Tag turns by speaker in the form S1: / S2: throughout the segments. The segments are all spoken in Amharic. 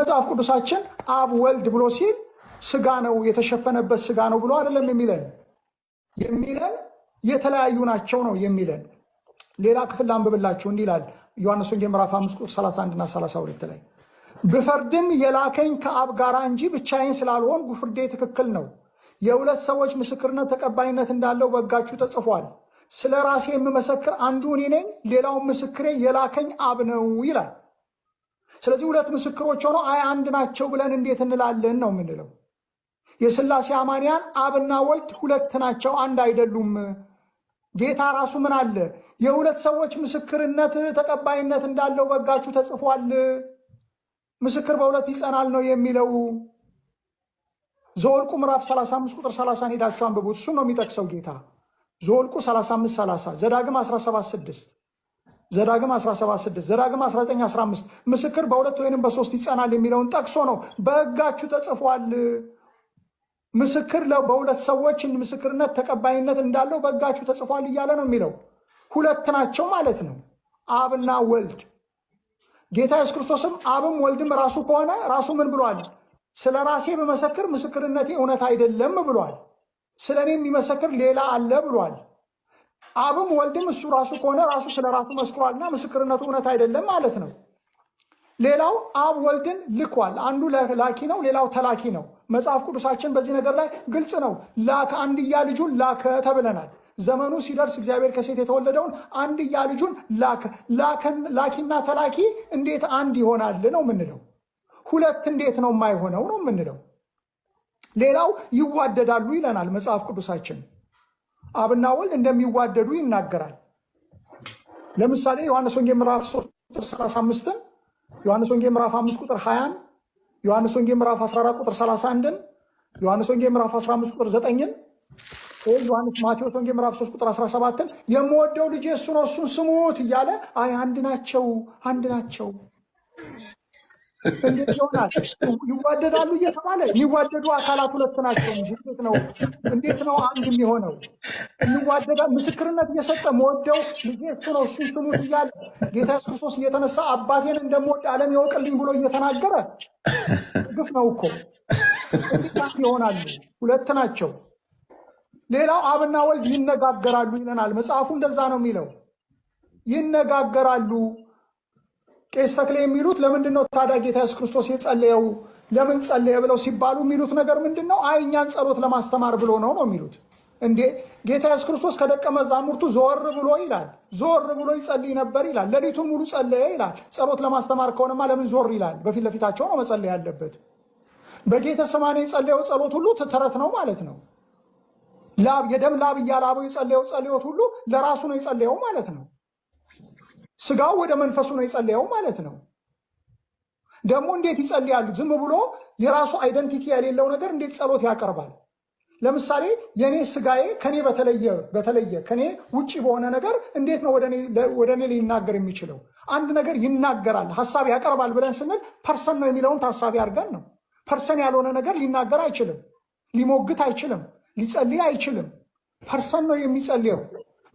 S1: መጽሐፍ ቅዱሳችን አብ ወልድ ብሎ ሲል ስጋ ነው የተሸፈነበት ስጋ ነው ብሎ አይደለም የሚለን የሚለን የተለያዩ ናቸው ነው የሚለን። ሌላ ክፍል አንብብላችሁ እንዲህ ይላል ዮሐንስ ወንጌል ምዕራፍ 5 ቁጥር 31 እና 32 ላይ ብፈርድም የላከኝ ከአብ ጋር እንጂ ብቻዬን ስላልሆን ፍርዴ ትክክል ነው። የሁለት ሰዎች ምስክርነት ተቀባይነት እንዳለው በሕጋችሁ ተጽፏል። ስለ ራሴ የምመሰክር አንዱ እኔ ነኝ፣ ሌላውን ምስክሬ የላከኝ አብ ነው ይላል። ስለዚህ ሁለት ምስክሮች ሆነው አይ አንድ ናቸው ብለን እንዴት እንላለን ነው የምንለው። የስላሴ አማንያን አብና ወልድ ሁለት ናቸው፣ አንድ አይደሉም። ጌታ ራሱ ምን አለ? የሁለት ሰዎች ምስክርነት ተቀባይነት እንዳለው በጋችሁ ተጽፏል፣ ምስክር በሁለት ይጸናል ነው የሚለው። ዘወልቁ ምዕራፍ 35 ቁጥር 30 ሄዳችሁ አንብቡት። እሱ ነው የሚጠቅሰው ጌታ። ዘወልቁ 35 30 ዘዳግም 17 6 ዘዳግም 17፥6 ዘዳግም 19:15 ምስክር በሁለት ወይንም በሶስት ይጸናል የሚለውን ጠቅሶ ነው። በህጋችሁ ተጽፏል። ምስክር በሁለት ሰዎች ምስክርነት ተቀባይነት እንዳለው በህጋችሁ ተጽፏል እያለ ነው የሚለው። ሁለት ናቸው ማለት ነው፣ አብና ወልድ። ጌታ ኢየሱስ ክርስቶስም አብም ወልድም ራሱ ከሆነ ራሱ ምን ብሏል? ስለ ራሴ በመሰክር ምስክርነቴ እውነት አይደለም ብሏል። ስለ እኔ የሚመሰክር ሌላ አለ ብሏል። አብም ወልድም እሱ ራሱ ከሆነ ራሱ ስለ ራሱ መስክሯልና ምስክርነቱ እውነት አይደለም ማለት ነው። ሌላው አብ ወልድን ልኳል። አንዱ ላኪ ነው፣ ሌላው ተላኪ ነው። መጽሐፍ ቅዱሳችን በዚህ ነገር ላይ ግልጽ ነው። ላከ አንድያ ልጁን ላከ ተብለናል። ዘመኑ ሲደርስ እግዚአብሔር ከሴት የተወለደውን አንድያ ልጁን ላከ። ላኪና ተላኪ እንዴት አንድ ይሆናል ነው የምንለው። ሁለት እንዴት ነው የማይሆነው ነው የምንለው። ሌላው ይዋደዳሉ ይለናል መጽሐፍ ቅዱሳችን። አብና ወልድ እንደሚዋደዱ ይናገራል። ለምሳሌ ዮሐንስ ወንጌል ምዕራፍ 3 ቁጥር 35ን፣ ዮሐንስ ወንጌል ምዕራፍ 5 ቁጥር 20ን፣ ዮሐንስ ወንጌል ምዕራፍ 14 ቁጥር 31ን፣ ዮሐንስ ወንጌል ምዕራፍ 15 ቁጥር 9ን፣ ዮሐንስ ማቴዎስ ወንጌል ምዕራፍ 3 ቁጥር 17ን የምወደው ልጅ እሱ ነው እሱን ስሙት እያለ አይ አንድ ናቸው አንድ ናቸው እንዴት ይሆናል ይዋደዳሉ እየተባለ የሚዋደዱ አካላት ሁለት ናቸው። እንዴት ነው እንዴት ነው አንድ የሚሆነው? የሚዋደዳ ምስክርነት እየሰጠ መወደው ልጄ እሱ ነው እሱን ስሙት እያለ ጌታ ኢየሱስ ክርስቶስ እየተነሳ አባቴን እንደምወድ ዓለም ያወቅልኝ ብሎ እየተናገረ ግፍ ነው እኮ ይሆናሉ። ሁለት ናቸው። ሌላው አብና ወልድ ይነጋገራሉ ይለናል መጽሐፉ። እንደዛ ነው የሚለው ይነጋገራሉ ቄስ ተክሌ የሚሉት ለምንድን ነው ታዲያ ጌታ ኢየሱስ ክርስቶስ የጸለየው ለምን ጸለየ ብለው ሲባሉ የሚሉት ነገር ምንድን ነው? አይ እኛን ጸሎት ለማስተማር ብሎ ነው ነው የሚሉት። እንዴ ጌታ ኢየሱስ ክርስቶስ ከደቀ መዛሙርቱ ዞር ብሎ ይላል፣ ዞር ብሎ ይጸልይ ነበር ይላል። ሌሊቱን ሙሉ ጸለየ ይላል። ጸሎት ለማስተማር ከሆነማ ለምን ዞር ይላል? በፊት ለፊታቸው ነው መጸለይ ያለበት። በጌተ ሰማኔ የጸለየው ጸሎት ሁሉ ተረት ነው ማለት ነው። የደም ላብ እያላበው የጸለየው ጸሎት ሁሉ ለራሱ ነው የጸለየው ማለት ነው። ስጋው ወደ መንፈሱ ነው የጸለየው ማለት ነው። ደግሞ እንዴት ይጸልያል? ዝም ብሎ የራሱ አይደንቲቲ የሌለው ነገር እንዴት ጸሎት ያቀርባል? ለምሳሌ የእኔ ስጋዬ ከኔ በተለየ በተለየ ከኔ ውጭ በሆነ ነገር እንዴት ነው ወደ እኔ ሊናገር የሚችለው? አንድ ነገር ይናገራል፣ ሀሳብ ያቀርባል ብለን ስንል ፐርሰን ነው የሚለውን ታሳቢ አድርገን ነው። ፐርሰን ያልሆነ ነገር ሊናገር አይችልም፣ ሊሞግት አይችልም፣ ሊጸልይ አይችልም። ፐርሰን ነው የሚጸልየው።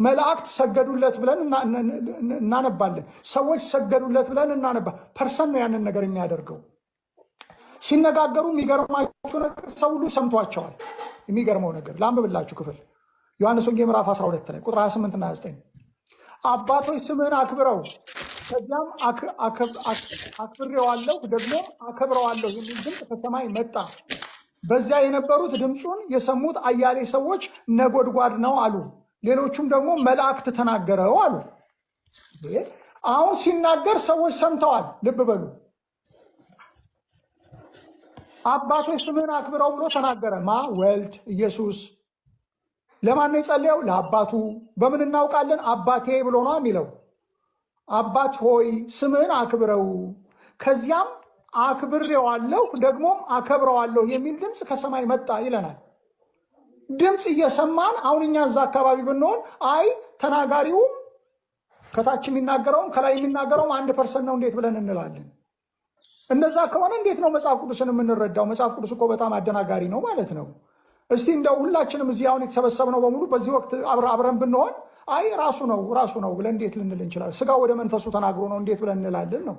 S1: መላእክት ሰገዱለት ብለን እናነባለን። ሰዎች ሰገዱለት ብለን እናነባ ፐርሰን ነው ያንን ነገር የሚያደርገው። ሲነጋገሩ የሚገርማቸው ነገር ሰው ሁሉ ሰምቷቸዋል። የሚገርመው ነገር ላንብብላችሁ ክፍል ዮሐንስ ወንጌ ምዕራፍ 12 ላይ ቁጥር 28 እና 9 አባቶች ስምህን አክብረው ከዚያም አክብሬዋለሁ ደግሞ አከብረዋለሁ የሚል ድምፅ ከሰማይ መጣ። በዚያ የነበሩት ድምፁን የሰሙት አያሌ ሰዎች ነጎድጓድ ነው አሉ። ሌሎቹም ደግሞ መላእክት ተናገረው አሉ። አሁን ሲናገር ሰዎች ሰምተዋል። ልብ በሉ። አባቶች ስምህን አክብረው ብሎ ተናገረ። ማ ወልድ ኢየሱስ ለማን ነው የጸለየው? ለአባቱ። በምን እናውቃለን? አባቴ ብሎ ነው የሚለው። አባት ሆይ ስምህን አክብረው፣ ከዚያም አክብሬዋለሁ ደግሞም አከብረዋለሁ የሚል ድምፅ ከሰማይ መጣ ይለናል። ድምፅ እየሰማን አሁን እኛ እዛ አካባቢ ብንሆን አይ ተናጋሪውም ከታች የሚናገረውም ከላይ የሚናገረውም አንድ ፐርሰን ነው እንዴት ብለን እንላለን? እንደዛ ከሆነ እንዴት ነው መጽሐፍ ቅዱስን የምንረዳው? መጽሐፍ ቅዱስ እኮ በጣም አደናጋሪ ነው ማለት ነው። እስቲ እንደው ሁላችንም እዚህ አሁን የተሰበሰብነው በሙሉ በዚህ ወቅት አብረን ብንሆን አይ ራሱ ነው ራሱ ነው ብለን እንዴት ልንል እንችላለን? ስጋ ወደ መንፈሱ ተናግሮ ነው እንዴት ብለን እንላለን ነው።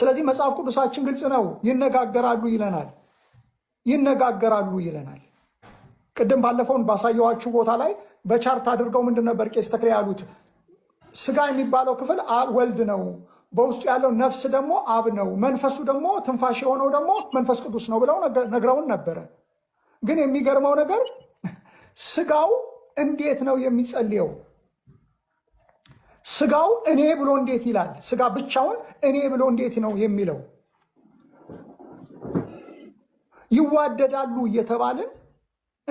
S1: ስለዚህ መጽሐፍ ቅዱሳችን ግልጽ ነው። ይነጋገራሉ ይለናል። ይነጋገራሉ ይለናል። ቅድም ባለፈውን ባሳየኋችሁ ቦታ ላይ በቻርት አድርገው ምንድን ነበር ቄስ ተክለ ያሉት? ስጋ የሚባለው ክፍል ወልድ ነው፣ በውስጡ ያለው ነፍስ ደግሞ አብ ነው፣ መንፈሱ ደግሞ ትንፋሽ የሆነው ደግሞ መንፈስ ቅዱስ ነው ብለው ነግረውን ነበረ። ግን የሚገርመው ነገር ስጋው እንዴት ነው የሚጸልየው? ስጋው እኔ ብሎ እንዴት ይላል? ስጋ ብቻውን እኔ ብሎ እንዴት ነው የሚለው? ይዋደዳሉ እየተባልን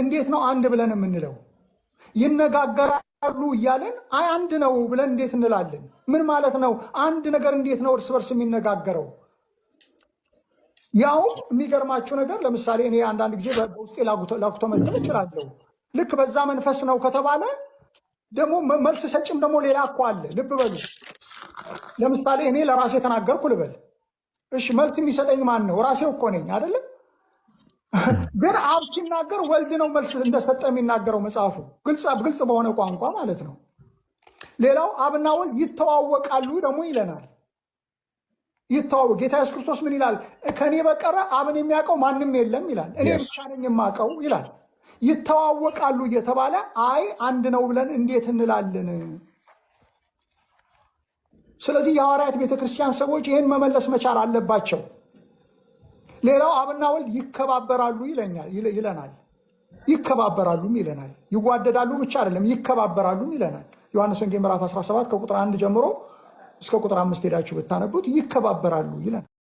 S1: እንዴት ነው አንድ ብለን የምንለው? ይነጋገራሉ እያለን አይ አንድ ነው ብለን እንዴት እንላለን? ምን ማለት ነው? አንድ ነገር እንዴት ነው እርስ በርስ የሚነጋገረው? ያው የሚገርማችሁ ነገር ለምሳሌ እኔ አንዳንድ ጊዜ በውስጤ ላኩቶ መጠል እችላለሁ። ልክ በዛ መንፈስ ነው ከተባለ ደግሞ መልስ ሰጭም ደግሞ ሌላ እኮ አለ። ልብ በሉ። ለምሳሌ እኔ ለራሴ የተናገርኩ ልበል። እሺ መልስ የሚሰጠኝ ማን ነው? ራሴው እኮ ነኝ አይደለ? ግን አብ ሲናገር ወልድ ነው መልስ እንደሰጠ የሚናገረው መጽሐፉ ግልጽ በሆነ ቋንቋ ማለት ነው። ሌላው አብና ወልድ ይተዋወቃሉ ደግሞ ይለናል። ይተዋወቅ ጌታ ኢየሱስ ክርስቶስ ምን ይላል? ከኔ በቀረ አብን የሚያውቀው ማንም የለም ይላል። እኔ ብቻ ነኝ የማውቀው ይላል። ይተዋወቃሉ እየተባለ አይ አንድ ነው ብለን እንዴት እንላለን? ስለዚህ የሐዋርያት ቤተክርስቲያን ሰዎች ይህን መመለስ መቻል አለባቸው። ሌላው አብና ወልድ ይከባበራሉ ይለናል። ይከባበራሉም ይለናል። ይዋደዳሉ ብቻ አይደለም ይከባበራሉም ይለናል። ዮሐንስ ወንጌል ምዕራፍ 17 ከቁጥር 1 ጀምሮ እስከ ቁጥር 5 ሄዳችሁ ብታነቡት ይከባበራሉ ይለናል።